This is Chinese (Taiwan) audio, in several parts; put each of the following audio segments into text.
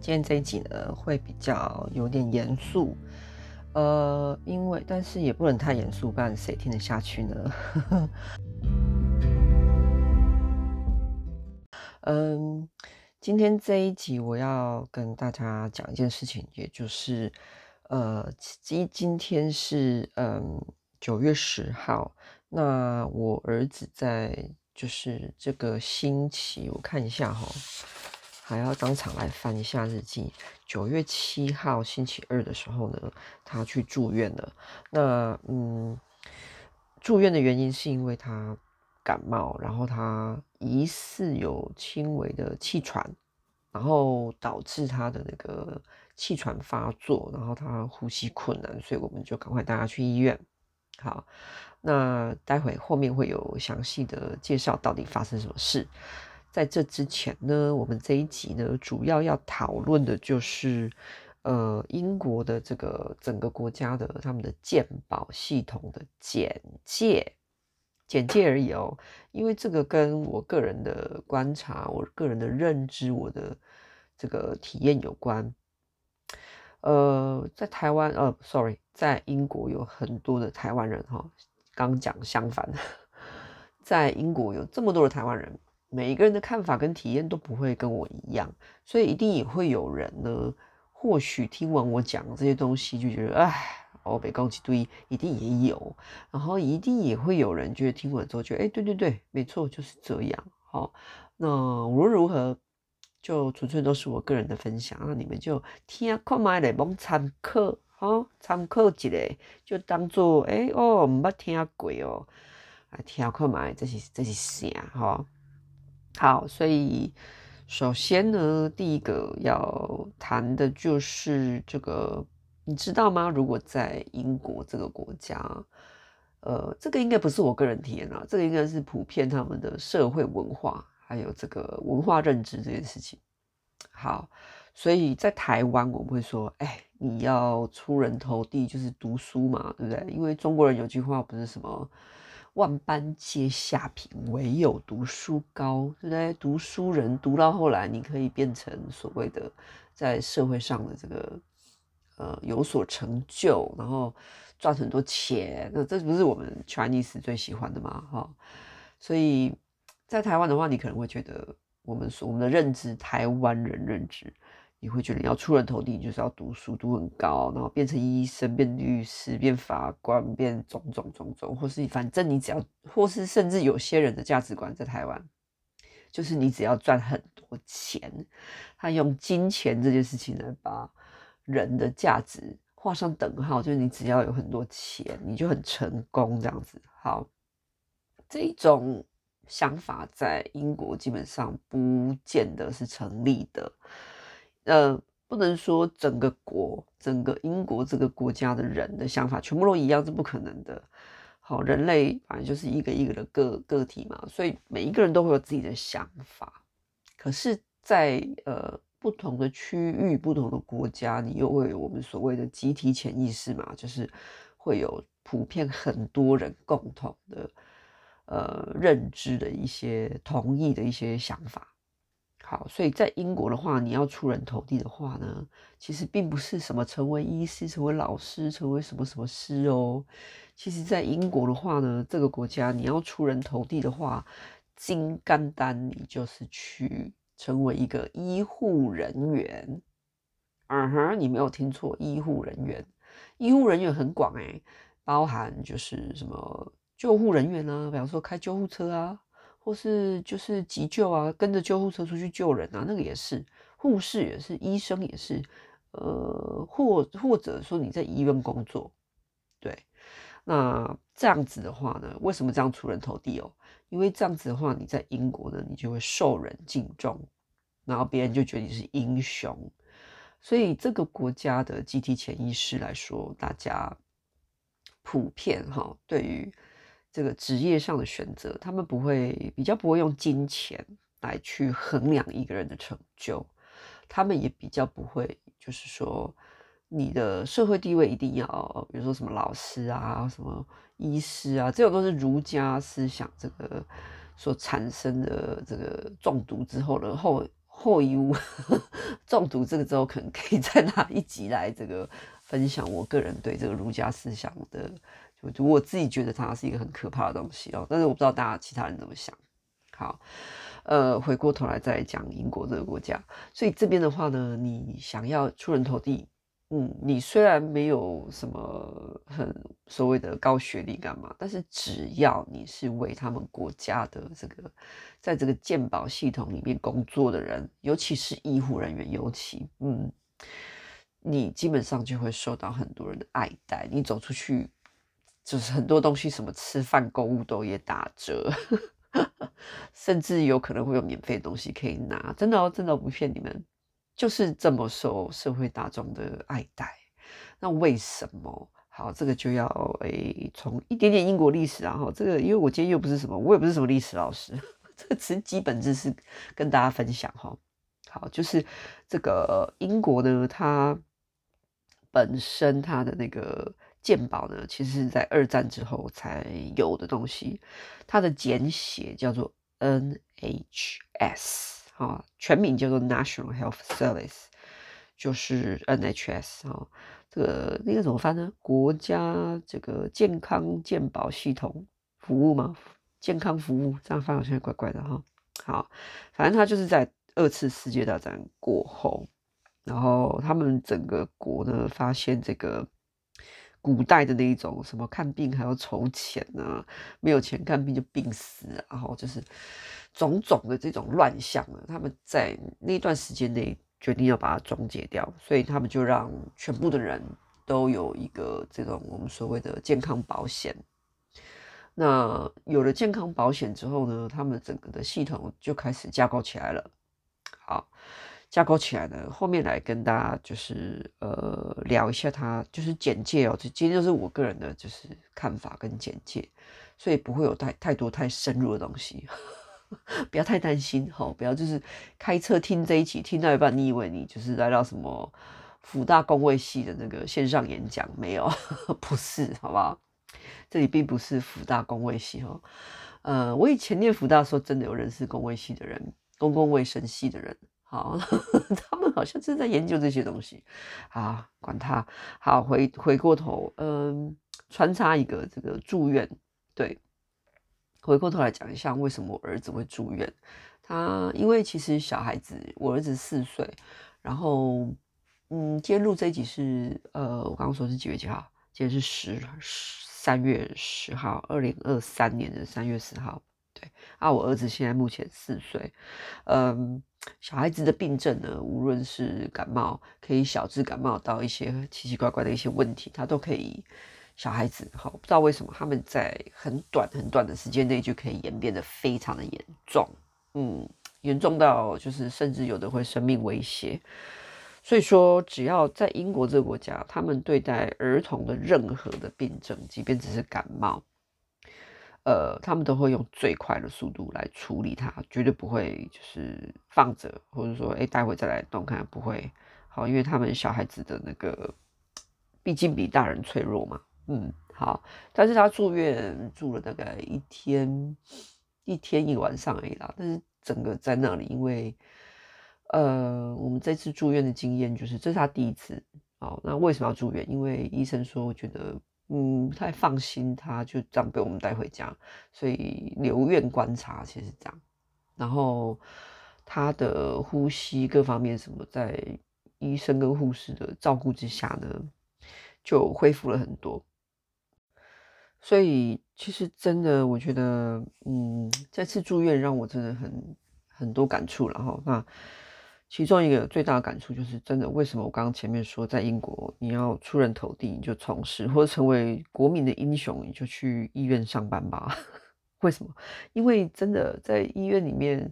今天這一集呢，會比較有點嚴肅，呃，因為但是也不能太嚴肅，不然誰聽得下去呢？ 嗯，今天這一集我要跟大家講一件事情，也就是，呃，今今天是嗯九月十號，那我兒子在就是這個星期，我看一下哈。還要當場來翻一下日記。九月七號星期二的時候呢，他去住院了。那嗯，住院的原因是因為他感冒，然後他疑似有輕微的氣喘，然後導致他的那個氣喘發作，然後他呼吸困難，所以我們就趕快帶他去醫院。好，那待會後面會有詳細的介紹，到底發生什麼事。在這之前呢，我們這一集呢，主要要討論的就是，呃，英國的這個整個國家的他們的健保系統的簡介，簡介而已哦。因為這個跟我個人的觀察、我個人的認知、我的這個體驗有關。呃，在台灣，呃、哦、，sorry，在英國有很多的台灣人哈、哦。剛講相反的，在英國有這麼多的台灣人。每一個人的看法跟體驗都不會跟我一樣，所以一定也會有人呢。或許聽完我講這些東西，就覺得哎，哦北高級堆一定也有。然後一定也會有人覺得聽完之後覺得哎、欸，對對對，沒錯，就是這樣。好，那無論如,如何，就純粹都是我個人的分享。那你們就聽看麥來，甭參考哈，參考一下，就當作哎哦，唔、欸、捌、喔、聽過哦、喔，啊，聽看麥這些這些事哈。好，所以首先呢，第一個要談的就是這個，你知道嗎？如果在英國這個國家，呃，這個應該不是我個人體驗啊，這個應該是普遍他們的社會文化，還有這個文化認知這件事情。好，所以在台灣我們會說，哎、欸，你要出人頭地就是讀書嘛，對不對？因為中國人有句話不是什麼。萬般皆下品，唯有讀書高，對不對？讀書人讀到後來，你可以變成所謂的在社會上的這個呃有所成就，然後賺很多錢。那這不是我們 Chinese 最喜歡的嗎？哈、哦，所以在台灣的話，你可能會覺得我們所我們的認知，台灣人認知。你會覺得你要出人頭地，你就是要讀書讀很高，然後變成醫生、變律師、變法官、變種種種種，或是反正你只要，或是甚至有些人的價值觀在台灣，就是你只要賺很多錢，他用金錢這件事情來把人的價值畫上等號，就是你只要有很多錢，你就很成功這樣子。好，這種想法在英國基本上不見得是成立的。呃，不能說整個國、整個英國這個國家的人的想法全部都一樣，是不可能的。好，人類反正就是一個一個的個個體嘛，所以每一個人都會有自己的想法。可是在，在呃不同的區域、不同的國家，你又會有我們所謂的集體潛意識嘛，就是會有普遍很多人共同的呃認知的一些同意的一些想法。好，所以在英國的話，你要出人頭地的話呢，其實並不是什麼成為醫師、成為老師、成為什麼什麼師哦、喔。其實，在英國的話呢，這個國家你要出人頭地的話，金鋼丹，你就是去成為一個醫護人員。嗯、uh、哼，huh, 你沒有聽錯，醫護人員，醫護人員很廣誒、欸、包含就是什麼救護人員啊，比方說開救護車啊。或是就是急救啊，跟着救護車出去救人啊，那個也是護士，也是醫生也是，呃，或或者說你在醫院工作，對，那這樣子的話呢，為什麼這樣出人頭地哦、喔？因為這樣子的話，你在英國呢，你就會受人敬重，然後別人就覺得你是英雄，所以這個國家的集體潛意識來說，大家普遍哈對於。這個職業上的選擇，他們不會比較不會用金錢來去衡量一個人的成就，他們也比較不會，就是說你的社會地位一定要，比如說什麼老師啊，什麼醫師啊，這種都是儒家思想這個所產生的這個中毒之後的後後遺物。中毒這個之後，可能可以在那一集來這個分享，我個人對這個儒家思想的，就我自己覺得它是一個很可怕的東西哦，但是我不知道大家其他人怎麼想。好，呃，回過頭來再來講英國這個國家，所以這邊的話呢，你想要出人頭地，嗯，你雖然沒有什麼很所謂的高學歷幹嘛，但是只要你是為他們國家的這個在這個健保系統裡面工作的人，尤其是醫護人員，尤其，嗯，你基本上就會受到很多人的愛戴，你走出去。就是很多東西，什麼吃飯、購物都也打折， 甚至有可能會有免費東西可以拿。真的、哦、真的我不騙你們，就是這麼受社會大眾的愛戴。那為什麼？好，這個就要誒，從、欸、一點點英國歷史然、啊、後這個因為我今天又不是什麼，我也不是什麼歷史老師，呵呵這個只基本知識跟大家分享好，就是這個英國呢，它本身它的那個。健保呢，其實是在二戰之後才有的東西，它的簡寫叫做 NHS，全名叫做 National Health Service，就是 NHS，哦，這個那個怎麼翻呢？國家這個健康健保系統服務嘛，健康服務這樣翻好像怪怪的哈。好，哦，反正它就是在二次世界大戰過後，然後他們整個國呢發現這個。古代的那種什麼看病還要籌錢啊，沒有錢看病就病死啊，然後就是種種的這種亂象啊，他們在那段時間內決定要把它終結掉，所以他們就讓全部的人都有一個這種我們所謂的健康保險。那有了健康保險之後呢，他們整個的系統就開始架構起來了。好。架構起來呢，後面來跟大家就是呃聊一下他就是簡介哦、喔，這今天就是我個人的就是看法跟簡介，所以不會有太太多太深入的東西， 不要太擔心好、喔，不要就是開車聽這一集聽到一半，你以為你就是來到什麼福大公衛系的那個線上演講沒有？ 不是，好不好？這裡並不是福大公衛系哦、喔，呃，我以前念福大的時候真的有人是公衛系的人，公共衛生系的人。好，他們好像正在研究這些東西。好，管他。好，回回過頭，嗯，穿插一個這個住院。對，回過頭來講一下，為什麼我兒子會住院？他因為其實小孩子，我兒子四歲。然後，嗯，今天錄這一集是，呃，我剛剛說是幾月幾號？今天是十十三月十號，二零二三年的三月十號。對，啊，我兒子現在目前四歲。嗯。小孩子的病症呢，無論是感冒，可以小至感冒到一些奇奇怪怪的一些問題，他都可以。小孩子哈，不知道為什麼他們在很短很短的時間內就可以演變得非常的嚴重，嗯，嚴重到就是甚至有的會生命威脅。所以說，只要在英國這個國家，他們對待兒童的任何的病症，即便只是感冒。呃，他們都會用最快的速度來處理它，絕對不會就是放着，或者說哎，待會再來動看，不會。好，因為他們小孩子的那個，畢竟比大人脆弱嘛。嗯，好，但是他住院住了大概一天，一天一晚上而已啦，但是整個在那裡，因為呃，我們這次住院的經驗就是這是他第一次，好，那為什麼要住院？因為醫生說我覺得。嗯，不太放心，他就這樣被我們帶回家，所以留院觀察，其實這樣，然後他的呼吸各方面什麼，在醫生跟護士的照顧之下呢，就恢復了很多。所以其實真的，我覺得，嗯，這次住院讓我真的很很多感觸，然後那。其中一個最大的感觸就是，真的，為什麼我剛剛前面說，在英國你要出人頭地，你就從事或者成為國民的英雄，你就去醫院上班吧？ 為什麼？因為真的在醫院裡面，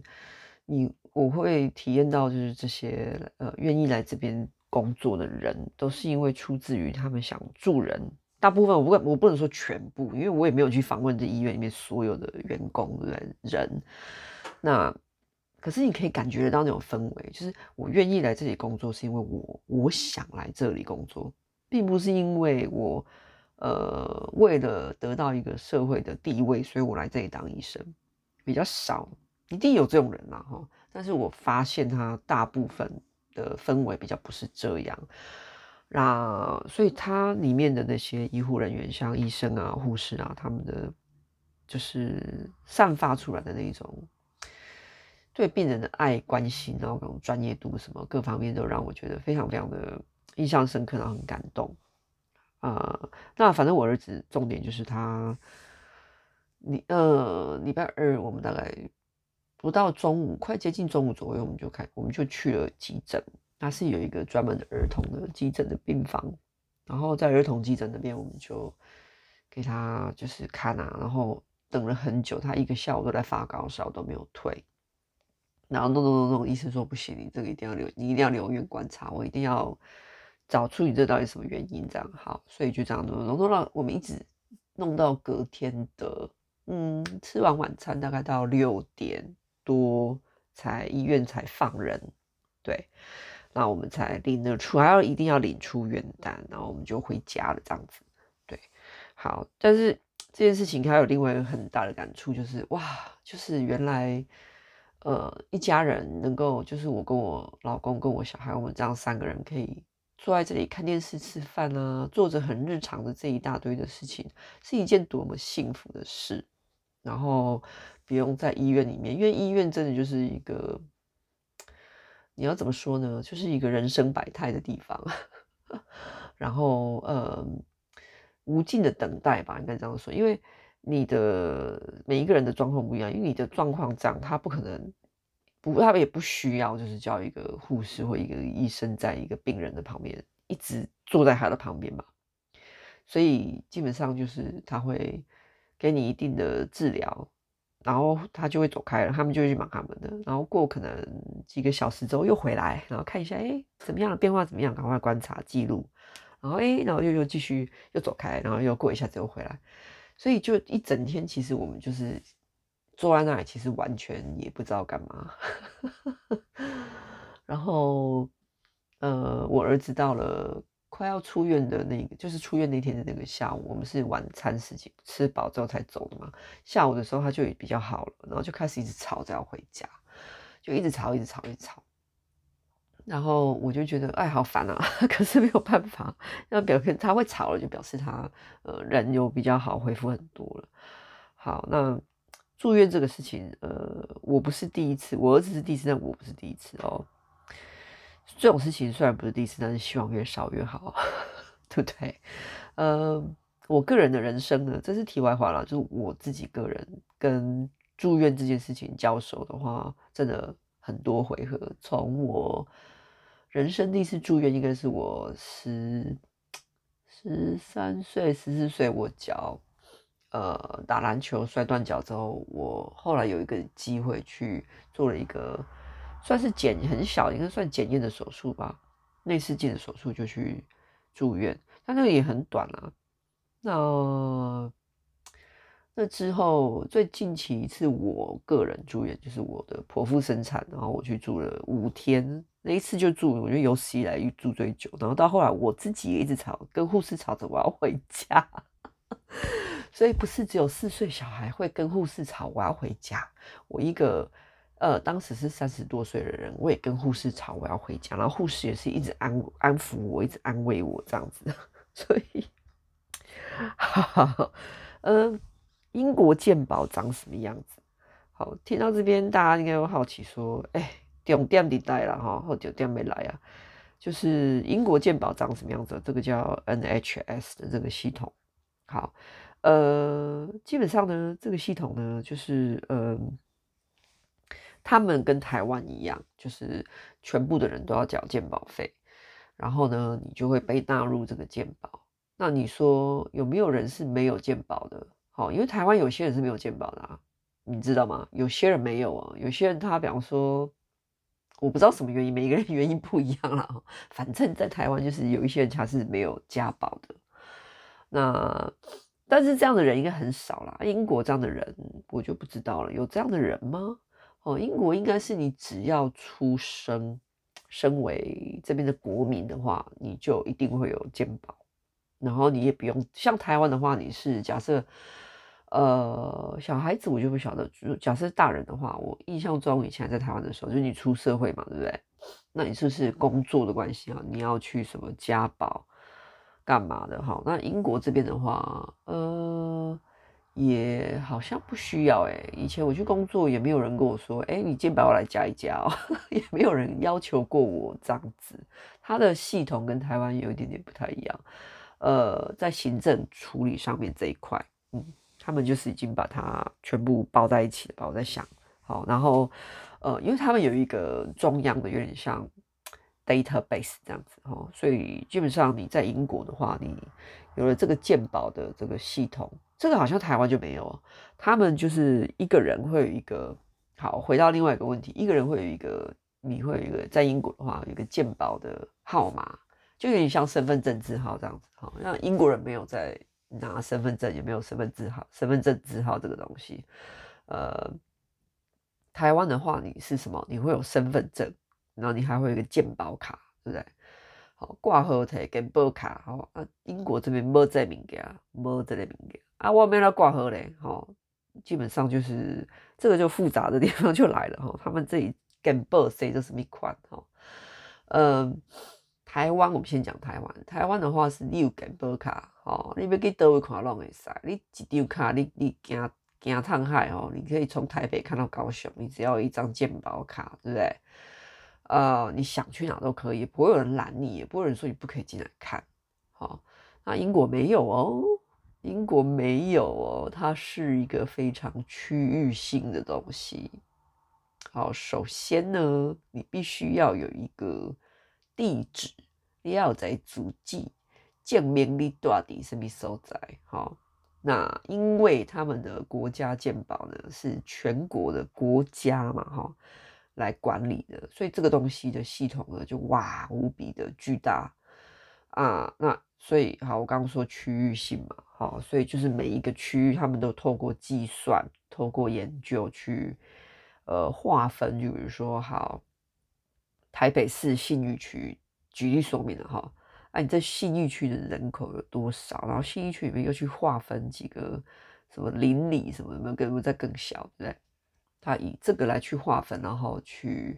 你我會體驗到，就是這些呃願意來這邊工作的人，都是因為出自於他們想助人。大部分我不敢我不能說全部，因為我也沒有去訪問這醫院裡面所有的員工人人。那。可是你可以感覺得到那種氛圍，就是我願意來這裡工作，是因為我我想來這裡工作，並不是因為我，呃，為了得到一個社會的地位，所以我來這裡當醫生。比較少，一定有這種人嘛，齁。但是我發現他大部分的氛圍比較不是這樣，那所以他裡面的那些醫護人員，像醫生啊、護士啊，他們的就是散發出來的那一種。對病人的愛、關心，然後那種專業度，什麼各方面都讓我覺得非常非常的印象深刻，然後很感動。啊、呃，那反正我兒子，重點就是他，你呃，禮拜二我們大概不到中午，快接近中午左右，我們就開，我們就去了急診。他是有一個專門的兒童的急診的病房，然後在兒童急診那邊，我們就給他就是看啊，然後等了很久，他一個下午都在發高燒，都沒有退。然後弄弄弄弄，醫生說不行，你這個一定要留，你一定要留院觀察，我一定要找出你這到底什麼原因這樣好，所以就這樣弄弄弄，我們一直弄到隔天的，嗯，吃完晚餐大概到六點多才醫院才放人，對，那我們才領得出還要一定要領出院單，然後我們就回家了這樣子，對，好。但是這件事情還有另外一個很大的感觸就是，哇，就是原來。呃，一家人能夠就是我跟我老公跟我小孩，我們這樣三個人可以坐在這裡看電視、吃飯啊，做着很日常的這一大堆的事情，是一件多麼幸福的事。然後不用在醫院裡面，因為醫院真的就是一個，你要怎麼說呢？就是一個人生百態的地方。 然後呃，無盡的等待吧，應該這樣說，因為。你的每一個人的狀況不一樣，因為你的狀況這樣，他不可能，不，他也不需要，就是叫一個護士或一個醫生在一個病人的旁邊一直坐在他的旁邊嘛。所以基本上就是他會給你一定的治療，然後他就會走開了，他們就會去忙他們的，然後過可能幾個小時之後又回來，然後看一下，哎，怎麼樣的變化，怎麼樣，趕快觀察記錄，然後哎，然後又又繼續又走開，然後又過一下子又回來。所以就一整天，其實我們就是坐在那裡，其實完全也不知道幹嘛。 然後，呃，我兒子到了快要出院的那個，就是出院那天的那個下午，我們是晚餐時間吃飽之後才走的嘛。下午的時候他就也比較好了，然後就開始一直吵着要回家，就一直吵，一直吵，一直吵。然後我就覺得哎，好煩啊！可是沒有辦法，那表示他會吵了，就表示他呃人又比較好恢復很多了。好，那住院這個事情，呃，我不是第一次，我兒子是第一次，但我不是第一次哦。這種事情雖然不是第一次，但是希望越少越好，呵呵對不對？呃，我個人的人生呢，這是題外話了。就是、我自己個人跟住院這件事情交手的話，真的很多回合，從我。人生第一次住院應該是我十十三歲、十四歲，我腳呃打籃球摔斷腳之後，我後來有一個機會去做了一個算是檢很小，應該算檢驗的手術吧，內視鏡的手術就去住院，但那個也很短啊。那那之後最近期一次我個人住院就是我的剖腹生產，然後我去住了五天。那一次就住，我覺得有史以來住最久，然後到後來我自己也一直吵，跟護士吵着我要回家， 所以不是只有四歲小孩會跟護士吵我要回家，我一個呃當時是三十多歲的人，我也跟護士吵我要回家，然後護士也是一直安安撫我，一直安慰我這樣子， 所以，好，嗯，英國健保長什麼樣子？好，聽到這邊大家應該會好奇說，哎、欸。酒店裡帶了哈，或酒店沒來啊？就是英國健保長什麼樣子？這個叫 NHS 的這個系統，好，呃，基本上呢，這個系統呢，就是呃，他們跟台灣一樣，就是全部的人都要繳健保費，然後呢，你就會被納入這個健保。那你說有沒有人是沒有健保的？哦，因為台灣有些人是沒有健保的啊，你知道嗎？有些人沒有啊，有些人他比方說。我不知道什麼原因，每一個人原因不一樣啦。反正，在台灣就是有一些人他是沒有健保的，那但是這樣的人應該很少啦。英國這樣的人我就不知道了，有這樣的人嗎？哦，英國應該是你只要出生，身為這邊的國民的話，你就一定會有健保。然後你也不用像台灣的話，你是假設。呃，小孩子我就不曉得。就假設大人的話，我印象中，以前在台灣的時候，就是你出社會嘛，對不對？那你是不是工作的關係啊？你要去什麼加保幹嘛的？哈，那英國這邊的話，呃，也好像不需要哎、欸。以前我去工作，也沒有人跟我說，哎、欸，你加保要我來加一加哦、喔，也沒有人要求過我這樣子。它的系統跟台灣有一點點不太一樣，呃，在行政處理上面這一塊，嗯。他們就是已經把它全部包在一起了吧？我在想，好，然後呃，因為他們有一個中央的，有點像 database 這樣子哈、哦，所以基本上你在英國的話，你有了這個健保的這個系統，這個好像台灣就沒有，他們就是一個人會有一個好，回到另外一個問題，一個人會有一個，你會有一個，在英國的話有一個健保的號碼，就有點像身份證字號這樣子哈，像、哦、英國人沒有在。拿身份證也沒有身份證號，身份證字號這個東西，呃，台灣的話你是什麼？你會有身份證，然後你還會有一個健保卡，對不對？好，掛號台健保卡，好啊。英國這邊沒這物件，沒這類物件啊。我沒那掛號嘞，好。基本上就是這個就複雜的地方就來了哈。他們這裡健保誰就是密款哈。嗯、呃，台灣我們先講台灣，台灣的話是有健保卡。哦，你要去倒位看攏會塞，你一張卡，你你行行趟海，哦，你可以從台北看到高雄，你只要有一張健保卡，對不對？啊、呃，你想去哪都可以，不會有人攔你，也不會有人說你不可以進來看。好、哦，那英國沒有哦，英國沒有哦，它是一個非常區域性的東西。好、哦，首先呢，你必須要有一個地址，你要有在足跡。建面率到底是沒收窄哈。那因為他們的國家健保呢，是全國的國家嘛，哈、哦，來管理的，所以這個東西的系統呢就哇無比的巨大啊。那所以好，我剛剛說區域性嘛，好、哦，所以就是每一個區域他們都透過計算、透過研究去呃劃分，比如說好台北市信義區舉例說明的哈。哦哎、啊，你在信義區的人口有多少？然後信義區裡面又去劃分幾個什麼鄰里什麼的，有沒有更再更，更，更小？對不對？他以這個來去劃分，然後去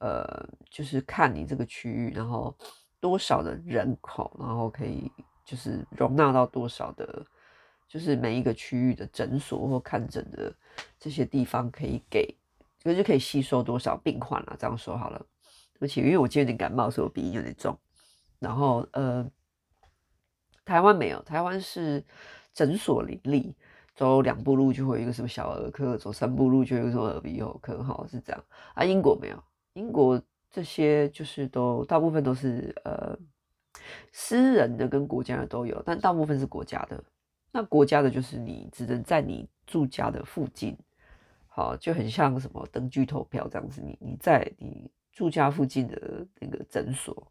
呃，就是看你這個區域，然後多少的人口，然後可以就是容納到多少的，就是每一個區域的診所或看診的這些地方可以給，就是可以吸收多少病患啊，這樣說好了。而且因為我今天有點感冒，所以我鼻音有點重。然後，呃，台灣沒有，台灣是診所林立，走兩步路就會有一個什麼小兒科，走三步路就會有個什麼耳鼻喉科，好、哦、是這樣啊。英國沒有，英國這些就是都大部分都是呃，私人的跟國家的都有，但大部分是國家的。那國家的就是你只能在你住家的附近，好、哦、就很像什麼登記投票這樣子，你你在你住家附近的那個診所。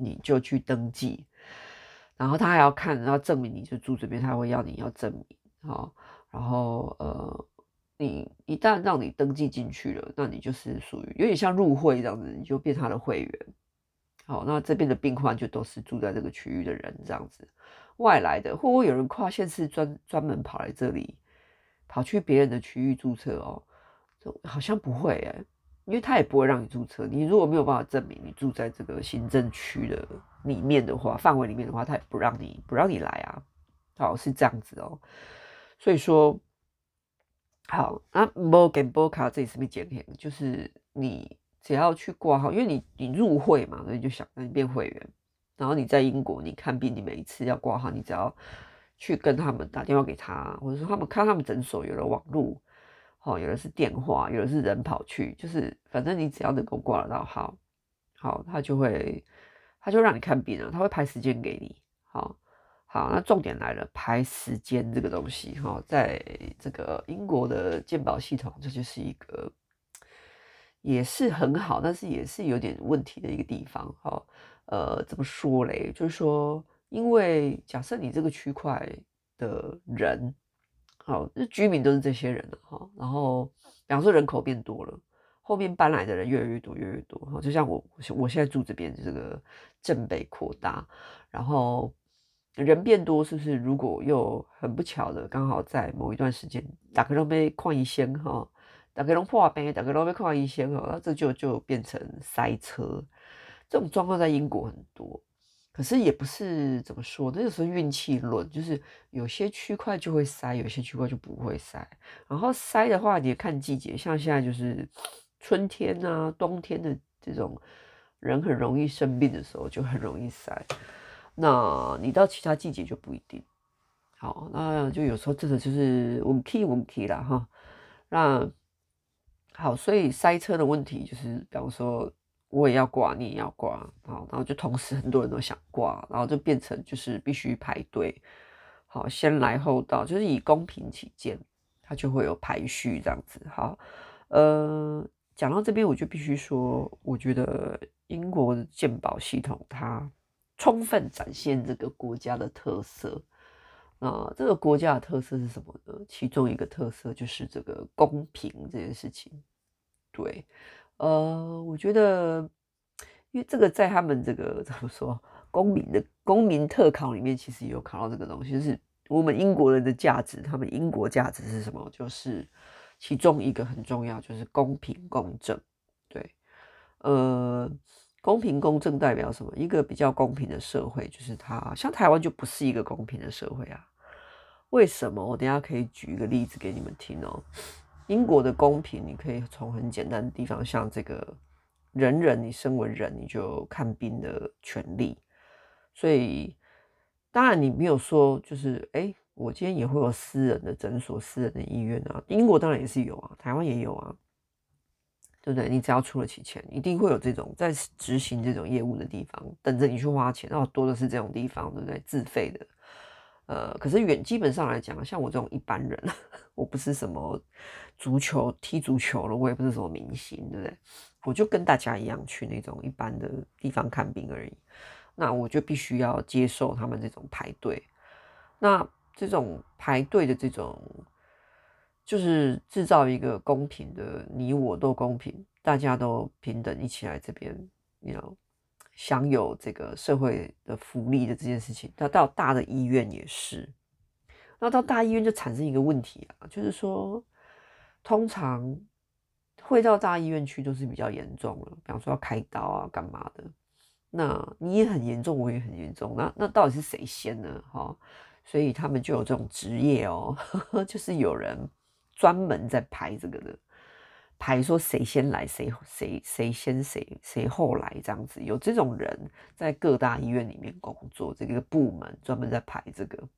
你就去登記，然後他還要看，要證明你就住這邊，他會要你要證明，好、哦，然後呃，你一旦讓你登記進去了，那你就是屬於有點像入會這樣子，你就變他的會員，好、哦，那這邊的病患就都是住在這個區域的人這樣子，外來的會不會有人跨縣市專專門跑來這裡，跑去別人的區域注冊哦？好像不會誒、欸因為他也不會讓你註冊，你如果沒有辦法證明你住在這個行政區的裡面的話，範圍裡面的話，他也不讓你不讓你來啊，好，是這樣子哦、喔。所以說，好，那摩根博卡這裡是不是簡填，就是你只要去掛號，因為你你入會嘛，所以就想讓你變會員。然後你在英國你看病，你每一次要掛號，你只要去跟他們打電話給他，或者說他們看他們診所有了網絡。哦，有的是電話，有的是人跑去，就是反正你只要能夠掛得到號，好，他就會，他就讓你看病了，他會排時間給你。好好，那重點來了，排時間這個東西，哈、哦，在這個英國的健保系統，這就是一個也是很好，但是也是有點問題的一個地方。哈、哦，呃，怎麼說嘞？就是說，因為假設你這個區塊的人。好，那居民都是這些人了哈。然後，比方說人口變多了，後面搬來的人越來越多，越來越多哈。就像我，我現在住這邊這個鎮北擴大，然後人變多，是不是？如果又很不巧的，剛好在某一段時間，打開雄被礦一先哈，打開雄破瓦，打開高雄礦一先哈，那這就就變成塞車。這種狀況在英國很多。可是也不是怎麼說，那個時候運氣輪就是有些區塊就會塞，有些區塊就不會塞。然後塞的話，你也看季節，像現在就是春天啊、冬天的這種人很容易生病的時候就很容易塞。那你到其他季節就不一定。好，那就有時候真的就是運氣，運 y 了哈。那好，所以塞車的問題就是，比方說。我也要掛，你也要掛，好，然後就同時很多人都想掛，然後就變成就是必須排隊，好，先來後到，就是以公平起見，它就會有排序這樣子，好，呃，講到這邊我就必須說，我覺得英國的健保系統它充分展現這個國家的特色，那這個國家的特色是什麼呢？其中一個特色就是這個公平這件事情，對。呃，我覺得，因為這個在他們這個怎麼說，公民的公民特考裡面，其實也有考到這個東西，就是我們英國人的價值，他們英國價值是什麼？就是其中一個很重要，就是公平公正。對，呃，公平公正代表什麼？一個比較公平的社會，就是它像台灣就不是一個公平的社會啊。為什麼？我等一下可以舉一個例子給你們聽哦。英國的公平，你可以從很簡單的地方，像這個人人，你身為人，你就看病的權利。所以，當然你沒有說，就是哎、欸，我今天也會有私人的診所、私人的醫院啊。英國當然也是有啊，台灣也有啊，對不對？你只要出得起錢，一定會有這種在執行這種業務的地方，等着你去花錢。然後多的是這種地方，對不對？自費的。呃，可是遠基本上來講，像我這種一般人，我不是什麼足球踢足球了，我也不是什麼明星，對不對？我就跟大家一樣去那種一般的地方看病而已。那我就必須要接受他們這種排隊。那這種排隊的這種，就是製造一個公平的，你我都公平，大家都平等一起來這邊，你知道。享有這個社會的福利的這件事情，他到大的醫院也是。那到大醫院就產生一個問題啊，就是說，通常會到大醫院去都是比較嚴重了，比方說要開刀啊、幹嘛的。那你也很嚴重，我也很嚴重，那那到底是誰先呢？哈、哦，所以他們就有這種職業哦，呵呵就是有人專門在排這個的。排說誰先來誰誰誰先誰誰後來這樣子，有這種人在各大醫院裡面工作，這個部門專門在排這個。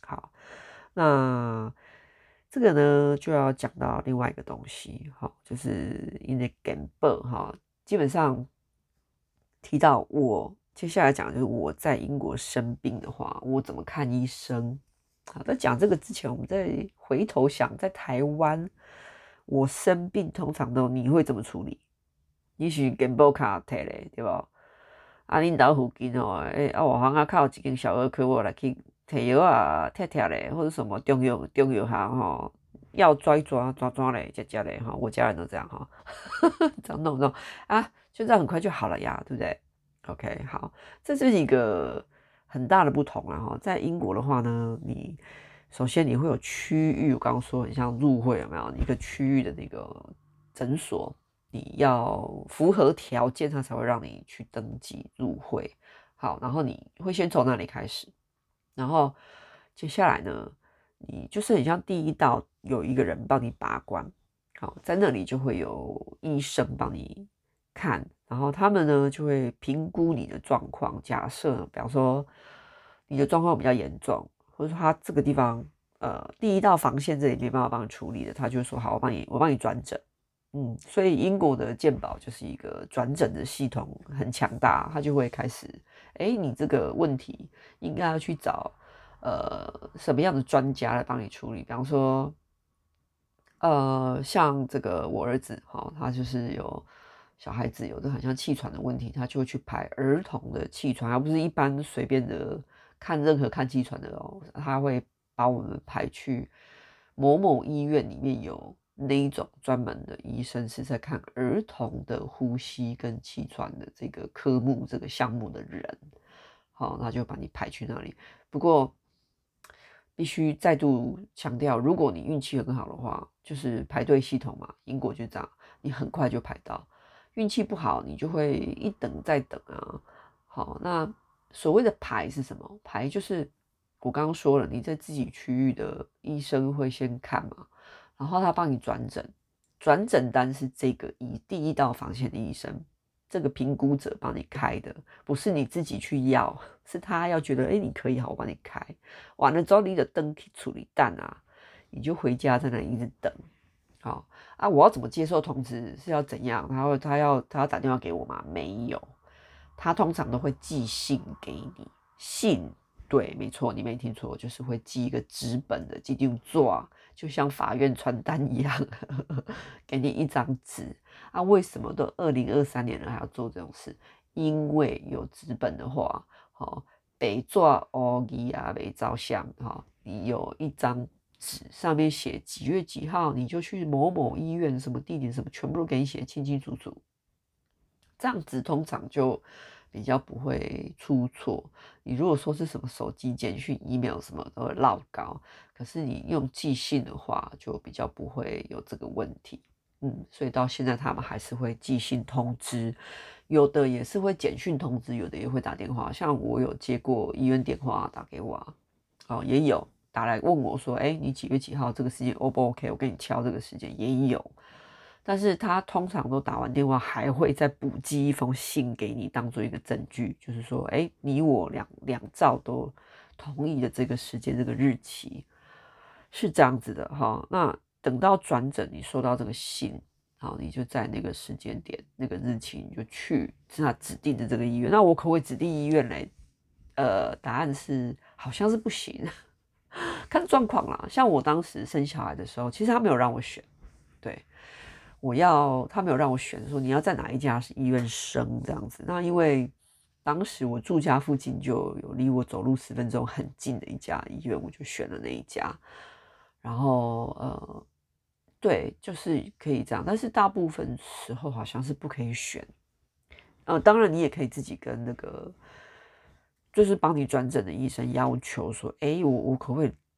好，那這個呢就要講到另外一個東西，好，就是因為根本哈，基本上提到我接下來講就是我在英國生病的話，我怎麼看醫生？好，在講這個之前，我們再回頭想，在台灣。我生病通常都你會怎麼處理？你是健保卡摕嘞，對吧？啊，領導附近哦、喔，誒、欸，啊，我行啊，靠幾間小兒科我來去摕藥啊，貼貼嘞，或者什麼中藥、中藥哈哈，要抓一抓，抓抓抓嘞，吃家嘞哈，我家人都這樣哈，喔、 這樣弄弄啊，就這樣很快就好了呀，對不對？OK，好，這是一個很大的不同啊。喔、在英國的話呢，你。首先，你會有區域，我剛剛說很像入會，有沒有，一個區域的那個診所，你要符合條件，他才會讓你去登記入會。好，然後你會先從那裡開始，然後接下來呢，你就是很像第一道有一個人幫你把關。好，在那裡就會有醫生幫你看，然後他們呢就會評估你的狀況。假設，比方說你的狀況比較嚴重。或者說他這個地方，呃，第一道防線這裡沒辦法幫你處理的，他就說好，我幫你，我幫你轉診，嗯，所以英國的健保就是一個轉診的系統，很強大，他就會開始，哎，你這個問題應該要去找，呃，什麼樣的專家來幫你處理？比方說，呃，像這個我兒子哈、哦，他就是有小孩子有的很像氣喘的問題，他就會去排兒童的氣喘，而不是一般隨便的。看任何看氣喘的哦，他會把我們排去某某醫院裡面有那一種專門的醫生是在看兒童的呼吸跟氣喘的這個科目、這個項目的人，好，那就把你排去那裡。不過必須再度強調，如果你運氣很好的話，就是排隊系統嘛，英國就這樣，你很快就排到；運氣不好，你就會一等再等啊。好，那。所謂的排是什麼？排就是我剛剛說了，你在自己區域的醫生會先看嘛，然後他幫你轉診，轉診單是這個醫第一道防線的醫生，這個評估者幫你開的，不是你自己去要，是他要覺得哎、欸、你可以，好，我幫你開。完了之後你的登記處理單啊，你就回家在那裡一直等。好、哦、啊，我要怎麼接受通知？是要怎樣？他會，他要他要打電話給我嗎？沒有。他通常都會寄信給你，信對，沒錯，你沒聽錯，就是會寄一個紙本的，寄定狀，就像法院傳單一樣， 給你一張紙、啊。那為什麼都二零二三年了還要做這種事？因為有紙本的話，哈，被抓哦耶啊，被照相哈，你有一張紙，上面寫幾月幾號，你就去某某醫院什麼地點什麼，全部都給你寫清清楚楚。這樣子通常就比較不會出錯。你如果說是什麼手機簡訊、email 什麼都會漏高，可是你用寄信的話就比較不會有這個問題。嗯，所以到現在他們還是會寄信通知，有的也是會簡訊通知，有的也會打電話。像我有接過醫院電話打給我，哦也有打來問我說：“哎，你幾月幾號這個時間 O 不歐 OK？我給你敲這個時間。”也有。但是他通常都打完電話，還會再補寄一封信給你，當做一個證據，就是說，哎，你我兩兩造都同意的這個時間、這個日期是這樣子的哈、哦。那等到轉診，你收到這個信，好、哦，你就在那個時間點、那個日期你就去那指定的這個醫院。那我可不可以指定醫院來？呃，答案是好像是不行， 看狀況啦。像我當時生小孩的時候，其實他沒有讓我選。我要，他沒有讓我選，說你要在哪一家醫院生這樣子。那因為當時我住家附近就有離我走路十分鐘很近的一家醫院，我就選了那一家。然後呃，對，就是可以這樣，但是大部分時候好像是不可以選。呃，當然你也可以自己跟那個，就是幫你轉診的醫生要求說，誒、欸，我我可不可以？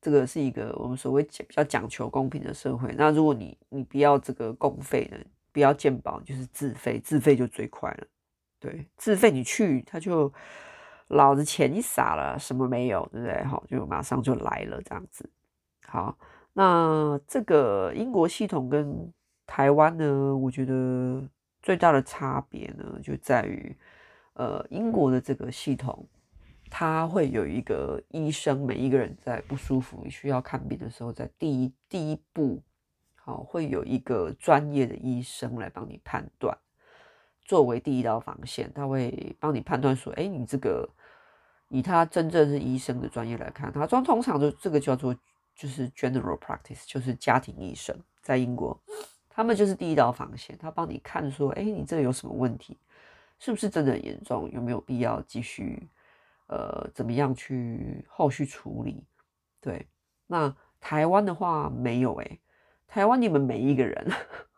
這個是一個我們所謂比較講求公平的社會。那如果你你不要這個公費的，不要健保，就是自費，自費就最快了。對，自費你去，他就老子錢一撒了，什麼沒有，對不對？好，就馬上就來了這樣子。好，那這個英國系統跟台灣呢，我覺得最大的差別呢，就在於，呃，英國的這個系統。他會有一個醫生，每一個人在不舒服需要看病的時候，在第一第一步，好、哦，會有一個專業的醫生來幫你判斷，作為第一道防線，他會幫你判斷說，哎、欸，你這個以他真正是醫生的專業來看，他通常就這個叫做就是 general practice，就是家庭醫生，在英國，他們就是第一道防線，他幫你看說，哎、欸，你這個有什麼問題，是不是真的很嚴重，有沒有必要繼續。呃，怎麼樣去後續處理？對，那台灣的話沒有哎、欸，台灣你們每一個人，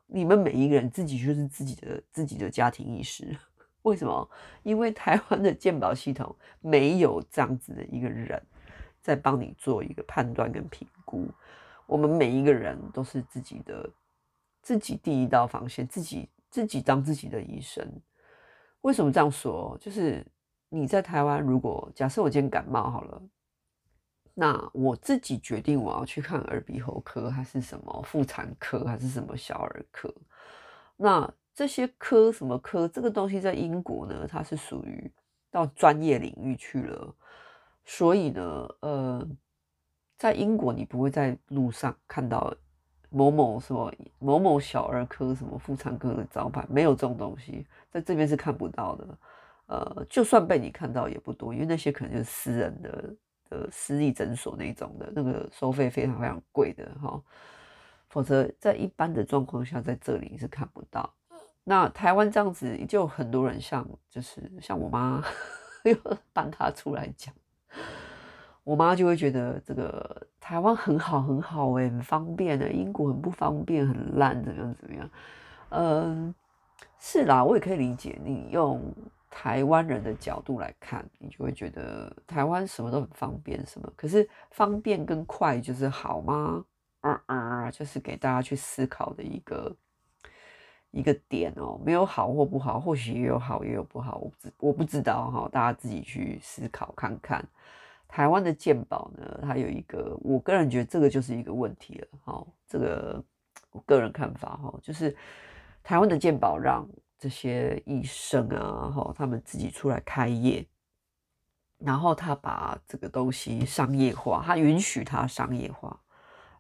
你們每一個人自己就是自己的自己的家庭醫師。為什麼？因為台灣的健保系統沒有這樣子的一個人在幫你做一個判斷跟評估。我們每一個人都是自己的自己第一道防線，自己自己當自己的醫生。為什麼這樣說？就是。你在台灣，如果假設我今天感冒好了，那我自己決定我要去看耳鼻喉科還是什麼婦產科還是什麼小兒科。那這些科什麼科這個東西在英國呢？它是屬於到專業領域去了。所以呢，呃，在英國你不會在路上看到某某什麼某某小兒科什麼婦產科的招牌，沒有這種東西，在這邊是看不到的。呃，就算被你看到也不多，因為那些可能就是私人的的、呃、私立診所那種的，那個收費非常非常貴的哈。否則在一般的狀況下，在這裡是看不到。那台灣這樣子，就很多人像就是像我媽，又搬他出來講，我媽就會覺得這個台灣很好很好哎、欸，很方便的、欸，英國很不方便很爛，怎麼樣怎麼樣。嗯、呃，是啦，我也可以理解你用。台灣人的角度來看，你就會覺得台灣什麼都很方便，什麼，可是方便跟快就是好嗎？啊、嗯、啊、嗯，就是給大家去思考的一個一個點哦、喔，沒有好或不好，或許也有好也有不好，我不知我不知道哈、喔，大家自己去思考看看。台灣的健保呢，它有一個，我個人覺得這個就是一個問題了，哈、喔，這個我個人看法哈、喔，就是台灣的健保讓。這些醫生啊，哈，他們自己出來開業，然後他把這個東西商業化，他允許他商業化，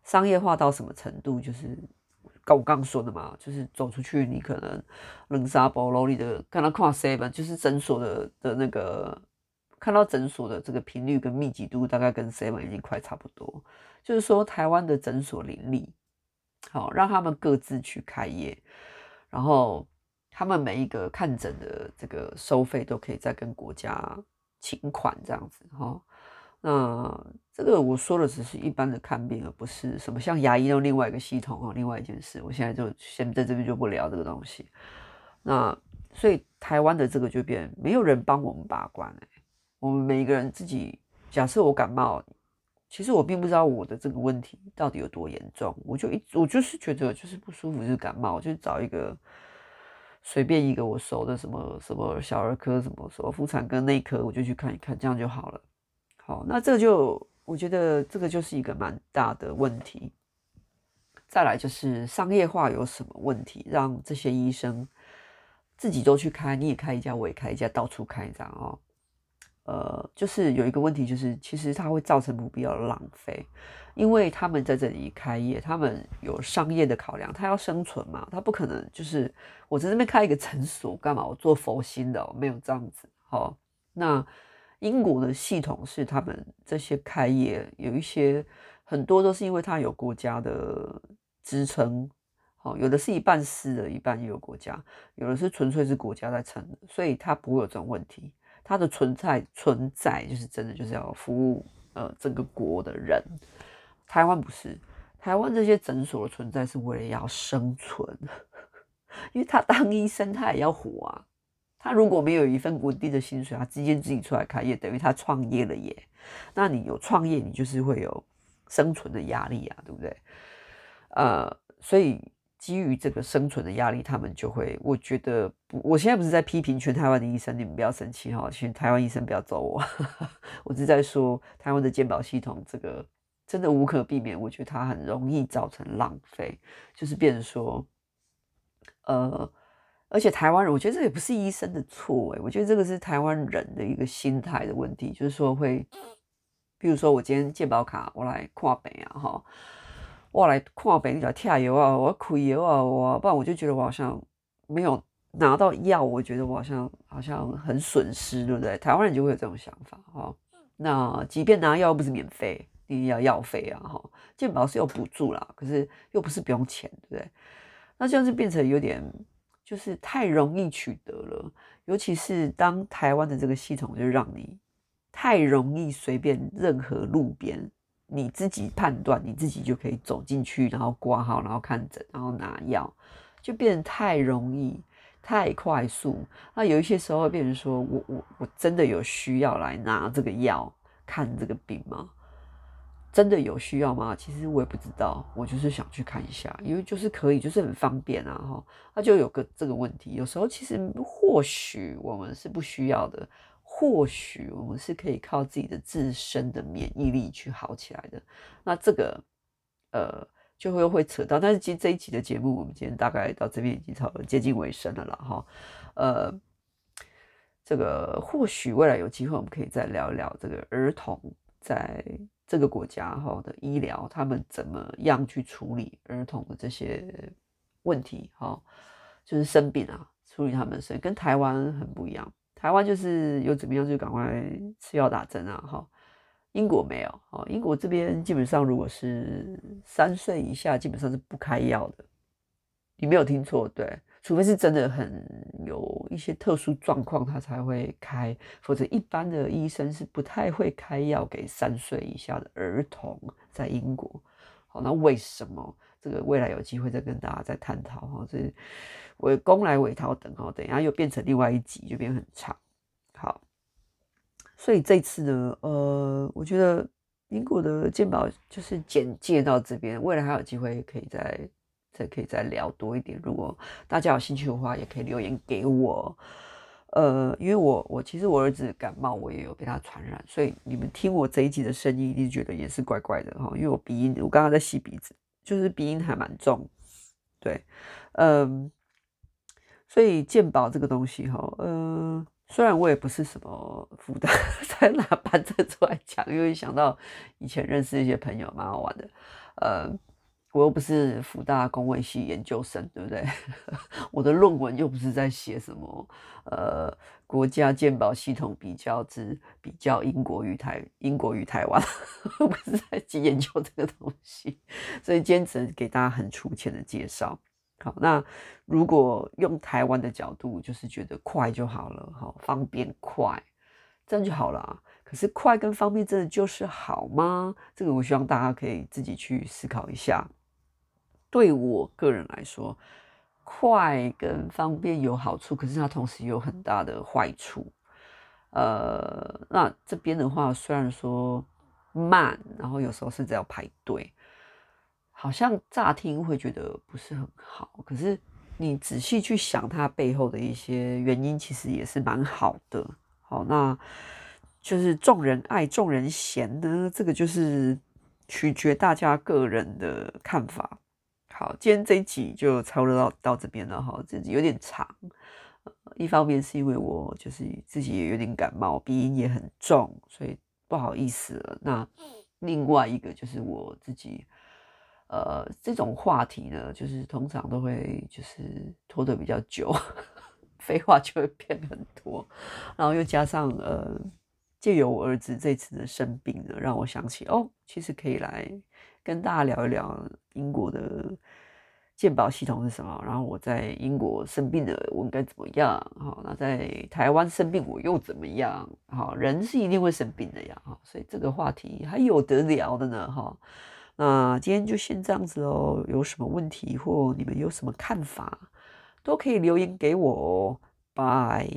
商業化到什麼程度？就是剛我剛說的嘛，就是走出去，你可能兩三步路裡的，看到跨 seven 就是診所的的那個，看到診所的這個頻率跟密集度，大概跟 seven 已經快差不多。就是說，台灣的診所林立，好，讓他們各自去開業，然後。他們每一個看診的這個收費都可以再跟國家請款這樣子哈、哦，那這個我說的只是一般的看病，而不是什麼像牙醫的另外一個系統、哦、另外一件事，我現在就先在這邊就不聊這個東西。那所以台灣的這個就變沒有人幫我們把關、哎，我們每一個人自己，假設我感冒，其實我並不知道我的這個問題到底有多嚴重，我就一我就是覺得就是不舒服，就是感冒，我就找一個。隨便一個我熟的什麼什麼小兒科什麼什麼婦產科、內科，我就去看一看，這樣就好了。好，那這就我覺得這個就是一個蠻大的問題。再來就是商業化有什麼問題，讓這些醫生自己都去開，你也開一家，我也開一家，到處開一張啊。呃，就是有一個問題，就是其實它會造成不必要的浪費，因為他們在這裡開業，他們有商業的考量，他要生存嘛，他不可能就是我在那邊開一個診所幹嘛？我做佛心的，沒有這樣子。好，那英國的系統是他們這些開業有一些很多都是因為它有國家的支撐，好，有的是一半私的一半也有國家，有的是純粹是國家在撐，所以它不會有這種問題。他的存在，存在就是真的就是要服務呃整個國的人。台灣不是，台灣這些診所的存在是為了要生存，因為他當醫生他也要活啊。他如果沒有一份穩定的薪水，他直接自己出來開業，等於他創業了耶。那你有創業，你就是會有生存的壓力啊，對不對？呃，所以。基於這個生存的壓力，他們就會，我覺得我現在不是在批評全台灣的醫生，你們不要生氣哈，請台灣醫生不要走我， 我是在說台灣的健保系統，這個真的無可避免，我覺得它很容易造成浪費，就是變成說，呃，而且台灣人，我覺得這也不是醫生的錯，我覺得這個是台灣人的一個心態的問題，就是說會，比如說我今天健保卡我來跨北啊哈。我來看本你在跳油啊，我開藥啊，我不然我就覺得我好像沒有拿到藥，我覺得我好像好像很損失，對不對？台灣人就會有這種想法哈、哦。那即便拿藥不是免費，你要藥費啊哈。哦、健保是有補助啦，可是又不是不用錢，對不對？那這樣就變成有點就是太容易取得了，尤其是當台灣的這個系統就讓你太容易隨便任何路邊，你自己判斷，你自己就可以走進去，然後掛號，然後看診，然後拿藥，就變得太容易、太快速。那有一些時候會變成說，我我我真的有需要來拿這個藥、看這個病嗎？真的有需要嗎？其實我也不知道，我就是想去看一下，因為就是可以，就是很方便啊，哈。那就有個這個問題，有時候其實或許我們是不需要的。或許我們是可以靠自己的自身的免疫力去好起來的。那這個呃，就會會扯到。但是今這一集的節目，我們今天大概到這邊已經差不多接近尾聲了啦，哈。呃，這個或許未來有機會，我們可以再聊一聊這個兒童在這個國家哈的醫療，他們怎麼樣去處理兒童的這些問題，哈，就是生病啊，處理他們，所以跟台灣很不一樣。台灣就是有怎麼樣就趕快吃藥打針啊，哈！英國沒有，哈，英國這邊基本上，如果是三歲以下，基本上是不開藥的。你沒有聽錯，對，除非是真的很有一些特殊狀況，他才會開，否則一般的醫生是不太會開藥給三歲以下的兒童在英國。好，那為什麼？這個未來有機會再跟大家再探討哈、哦，這我攻來圍逃等哈、哦，等一下又變成另外一集，就變很長。好，所以這次呢，呃，我覺得英國的健保就是簡介到這邊，未來還有機會可以再這可以再聊多一點。如果大家有興趣的話，也可以留言給我。呃，因為我我其實我兒子感冒，我也有被他傳染，所以你們聽我這一集的聲音，一定覺得也是怪怪的哈、哦，因為我鼻音，我剛剛在吸鼻子。就是鼻音還蠻重，對，嗯，所以健保這個東西哈，嗯，雖然我也不是什麼負擔，才拿板凳出來講，因為想到以前認識一些朋友，蠻好玩的，嗯。我又不是福大公衛系研究生，對不對？ 我的論文又不是在寫什麼呃國家健保系統比較之比較英國與台英國與台灣， 我不是在研究這個東西，所以堅持給大家很粗淺的介紹。好，那如果用台灣的角度，就是覺得快就好了，好方便快，這樣就好了。可是快跟方便真的就是好嗎？這個我希望大家可以自己去思考一下。對我個人來說，快跟方便有好處，可是它同時有很大的壞處。呃，那這邊的話雖然說慢，然後有時候甚至要排隊，好像乍聽會覺得不是很好。可是你仔細去想它背後的一些原因，其實也是蠻好的。好，那就是眾人愛，眾人嫌呢？這個就是取決大家個人的看法。好，今天這一集就差不多到到這邊了哈，這集有點長，呃，一方面是因為我就是自己也有點感冒，鼻音也很重，所以不好意思了。那另外一個就是我自己，呃，這種話題呢，就是通常都會就是拖得比較久，廢 話就會變很多，然後又加上呃，借由我兒子這次的生病呢，讓我想起哦，其實可以來。跟大家聊一聊英國的健保系統是什麼，然後我在英國生病了，我應該怎麼樣？好，那在台灣生病我又怎麼樣？好，人是一定會生病的呀，所以這個話題還有得聊的呢，哈。那今天就先這樣子嘍，有什麼問題或你們有什麼看法，都可以留言給我哦。拜。